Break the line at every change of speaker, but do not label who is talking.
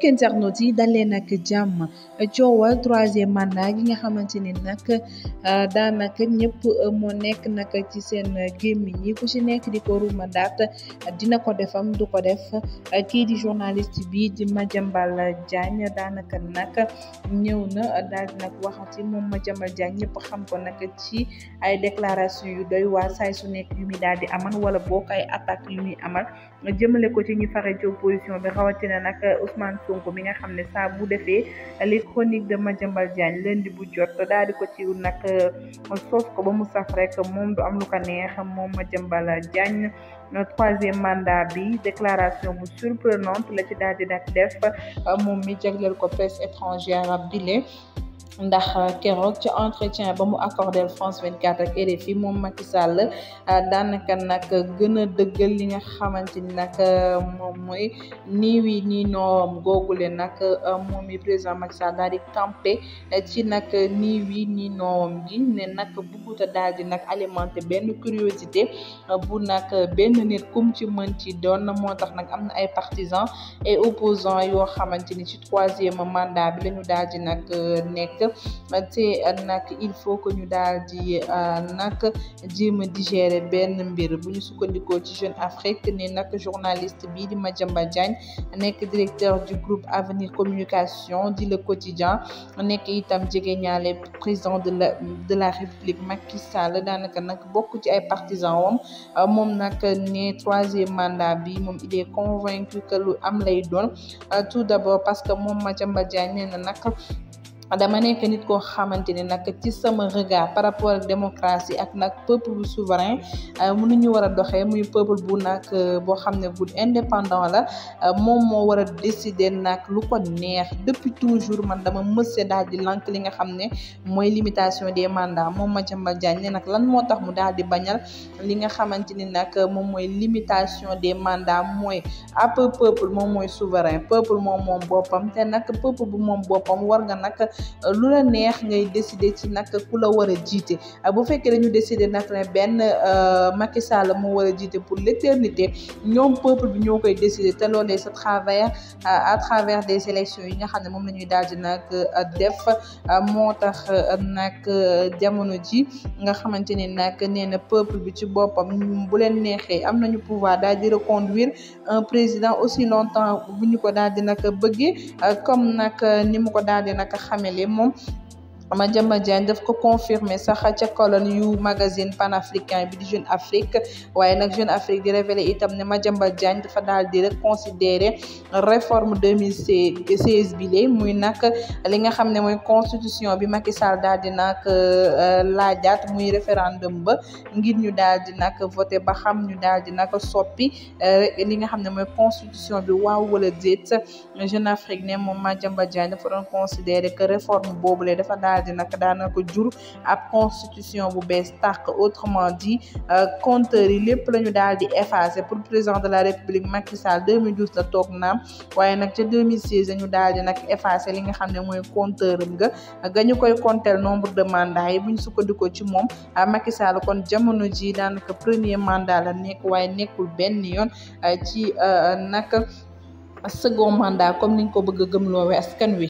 mbokk internet yi dalee nag jàmm coowal troisième mandat gi nga xamante ni nag euh, daanaka ñëpp euh, moo nekk nag ci seen gémmiñ yi ku ci nekk di ko ruumandaat dina ko defam du ko def kii di journaliste bi di Madiambal Diagne daanaka nag ñëw na daal di nag waxati moom Madiambal Diagne ñëpp xam ko nag ci ay déclaration yu doy waar saay su nekk yu muy daal di amal wala boo ko attaque yu muy amal jëmale ko ci ñi fare ci opposition bi rawatina nag Ousmane Sonko mi nga xam ne saa bu defee les chroniques jëmbal Madiambal leen lundi bu jot daal di ko ci nag euh, soos ko ba mu saf rek moom du am lu ko neex moom ma Madiambal Diagne troisième mandat bi déclaration bu surprenante la ci daal di nag def moom mi jagleel ko presse étrangère bile ndax keroog ci entretien ba mu accordé France 24 ak RFI moom Macky Sall ah, daanaka nag gën a dëggal li nga xamante ni nag ah, moom mooy nii noowam nii noom googule nag ah, moom mi président Macky Sall di campé ci nag nii wii nii noom gi ne nag bugguta daal di nag alimenté benn curiosité bu nag benn nit kum ci mën ci doon moo tax nag am na ay partisans et opposants yoo xamante ni ci troisième mandat bi la ñu di nag nekk. te nag il faut que ñu daal di euh, nag jéem a digérer benn mbir bu ñu sukkandikoo ci Jeune Afrique ne nag journaliste bii di Madiambal Diagne nekk directeur du groupe Avenir Communication di Le Quotidien nekk itam jege ñaale président de la de la République Macky Sall daanaka nag bokk ci ay partisans wam euh, moom nag ne troisième mandat bi moom il est convaincu que lu am lay doon euh, tout d'abord parce que moom Madiambal Diagne nee na nag dama nekk nit koo xamante ni nag ci sama regard par rapport ak démocratie ak nag peuple bu souverain euh, mënu ñu war a doxee muy peuple bu nag euh, boo xam ne bu indépendant la euh, moom moo war a décider nag lu ko neex depuis toujours man dama mëse daal di lank li nga xam ne mooy limitation des mandats moom Madiambal Diagne ne nag lan moo tax mu daal di bañal li nga xamante ni nag moom mooy limitation des mandats mooy ab moom mooy souverain peuple moom moom boppam te nag peuple bu moom boppam war nga nag Euh, lu la neex ngay décider ci nag ku la war a jiite euh, bu fekkee dañu décider nag ne benn euh, Macky Sall mu war a jiite pour l'éternité ñoom peuple bi ñoo koy décider te loolee sa travers à travers des élections yi nga xam ne moom la ñuy daal di nag def moo tax nag jamono ji nga xamante ne nag nee na peuple bi ci boppam bu leen neexee am nañu pouvoir daal di reconduire un président aussi longtemps bu ñu ko daal di nag bëggee comme nag ni ko daal di nag ne lépp moom Madiama Diagne daf ko confirmer sax a ca colonne yu magazine panafricain bi di Jeune Afrique waaye nag Jeune Afrique di révéler itam ne Madiama Diagne dafa daal di rek considérer réforme 2016 bi lee muy nag li nga xam ne mooy constitution bi Macky Sall daal di nag euh, laajaat muy référendum ba ngir ñu daal di nag voté ba xam ñu daal di nag soppi euh, li nga xam ne mooy constitution bi waaw wala boobu lee dafa daal daal di nag daana ko jur ab constitution bu bees tàq autrement dit euh, compteur yi lépp la ñu daal di effacer pour président de la république Macky Sall 2012 la toog naam waaye nag ca 2016 la ñu daal di nag effacer li nga xam ne mooy compteur am nga ga ñu koy compter nombre de mandats yi bu ñu sukkandikoo ci moom euh, Macky Sall kon jamono ji daanaka premier mandat la nekk waaye nekkul benn yoon euh, ci nag second mandat comme niñ ko bëgg a gëmloowe askan wi